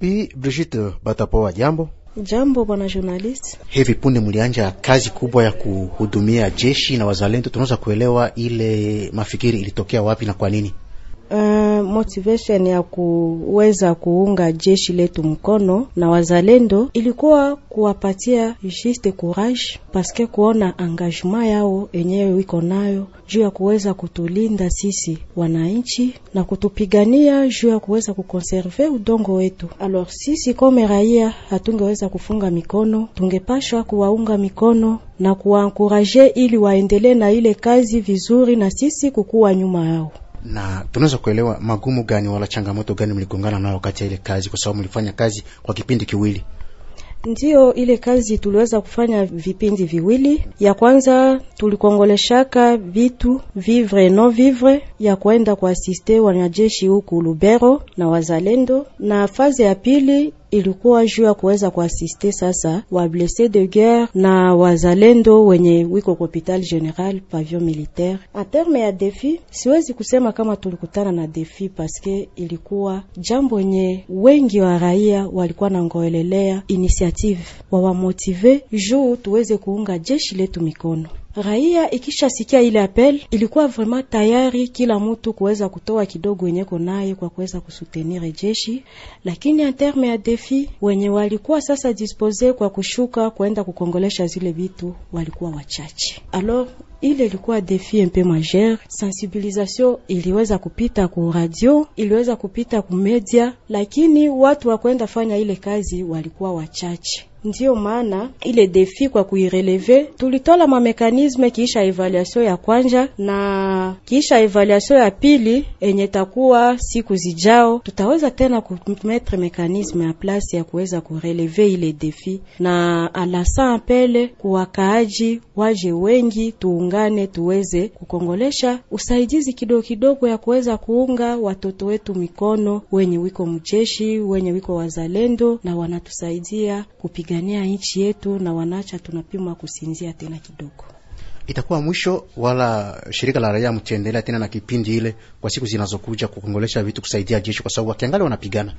Bi Brigitte Batapoa, jambo. Jambo bwana journalist. Hivi punde mlianja kazi kubwa ya kuhudumia jeshi na wazalendo, tunaweza kuelewa ile mafikiri ilitokea wapi na kwa nini? motivation ya kuweza kuunga jeshi letu mkono na wazalendo ilikuwa kuwapatia juste courage, paske kuona engagement yao enyewe wiko nayo juu ya kuweza kutulinda sisi wananchi na kutupigania juu ya kuweza kukonserve udongo wetu. Alors sisi kome raia hatungeweza kufunga mikono, tungepashwa kuwaunga mikono na kuwankuraje ili waendelee na ile kazi vizuri na sisi kukuwa nyuma yao na tunaweza kuelewa magumu gani wala changamoto gani mligongana nayo wakati ya ile kazi, kwa sababu mlifanya kazi kwa kipindi kiwili. Ndiyo, ile kazi tuliweza kufanya vipindi viwili. Ya kwanza tulikongoleshaka vitu vivre no vivre ya kuenda kuasiste wanajeshi huku Lubero na wazalendo, na fazi ya pili ilikuwa juu ya kuweza kuasiste sasa wa blesse de guerre na wazalendo wenye wiko kwa hopital general pavillon militaire. a terme ya defi, siwezi kusema kama tulikutana na defi paske ilikuwa jambo nye wengi wa raia walikuwa na ngoelelea initiative wawamotive juu tuweze kuunga jeshi letu mikono. Raia ikishasikia ile apel, ilikuwa vraiment tayari kila mtu kuweza kutoa kidogo wenyeko naye kwa kuweza kusutenir jeshi, lakini en terme ya defi wenye walikuwa sasa dispose kwa kushuka kwenda kukongolesha zile vitu walikuwa wachache. Alors ile ilikuwa defi mpe majeur. Sensibilisation iliweza kupita ku radio, iliweza kupita ku media, lakini watu wa kwenda fanya ile kazi walikuwa wachache. Ndiyo maana ile defi kwa kuireleve tulitola mamekanisme kiisha evaluation ya kwanja na kiisha evaluation ya pili enye takuwa siku zijao, tutaweza tena kumetre mekanisme ya place ya kuweza kureleve ile defi, na alasa apele kuwakaaji waje wengi, tuungane tuweze kukongolesha usaidizi kidogo kidogo ya kuweza kuunga watoto wetu mikono wenye wiko mjeshi wenye wiko wazalendo na wanatusaidia kupiga kupigania nchi yetu, na wanacha tunapimwa kusinzia tena kidogo. Itakuwa mwisho wala shirika la raia mtendelea tena na kipindi ile kwa siku zinazokuja kukongolesha vitu kusaidia jeshi, kwa sababu wakiangalia wanapigana.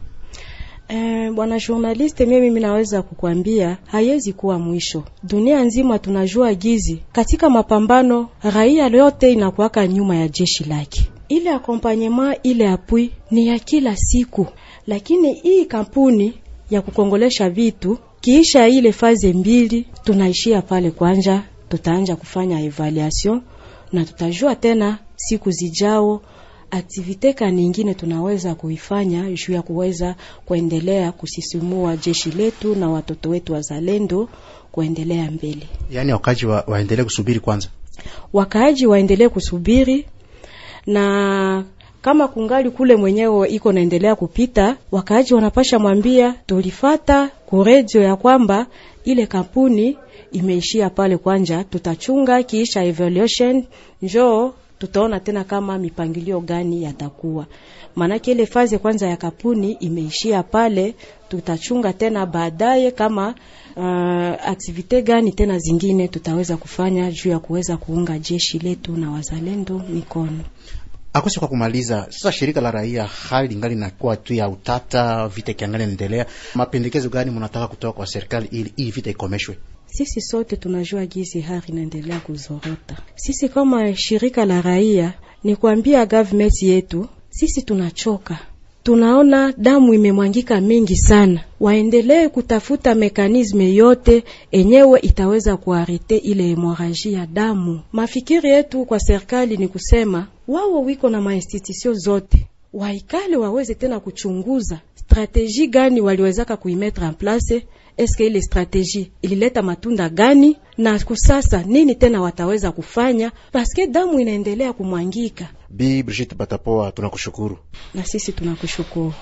Eh, bwana journaliste, mimi naweza kukwambia haiwezi kuwa mwisho. Dunia nzima tunajua gizi katika mapambano, raia yote inakuwaka nyuma ya jeshi lake. Ile accompagnement ile apui ni ya kila siku, lakini hii kampuni ya kukongolesha vitu Kiisha ile fazi mbili tunaishia pale kwanja, tutaanja kufanya evaluation na tutajua tena siku zijao aktivite ka ingine tunaweza kuifanya juu ya kuweza kuendelea kusisimua jeshi letu na watoto wetu wazalendo kuendelea mbele. Yani wakaaji wa, waendelee kusubiri kwanza, wakaaji waendelee kusubiri na kama kungali kule mwenyewe iko naendelea kupita, wakaaji wanapasha mwambia tulifata kurejo ya kwamba ile kampuni imeishia pale kwanja, tutachunga kiisha evaluation njo tutaona tena kama mipangilio gani yatakuwa, maanake ile fazi kwanza ya kampuni imeishia pale. Tutachunga tena baadaye kama uh, aktivite gani tena zingine tutaweza kufanya juu ya kuweza kuunga jeshi letu na wazalendo mikono akosi kwa kumaliza sasa, shirika la raia hali lingali nakuwa tu ya utata, vita ikiangali naendelea. Mapendekezo gani mnataka kutoka kwa serikali ili hii vita ikomeshwe? Sisi sote tunajua gizi hali inaendelea kuzorota. Sisi kama shirika la raia ni kuambia government yetu, sisi tunachoka tunaona damu imemwangika mingi sana. Waendelee kutafuta mekanisme yote enyewe itaweza kuarete ile hemoraji ya damu. Mafikiri yetu kwa serikali ni kusema wao wiko na mainstitisio zote waikale waweze tena kuchunguza strateji gani waliwezaka kuimetre en place, eske ile strateji ilileta matunda gani, na kusasa nini tena wataweza kufanya, paske damu inaendelea kumwangika. Bi Brigitte Batapoa, tunakushukuru. Na sisi tunakushukuru.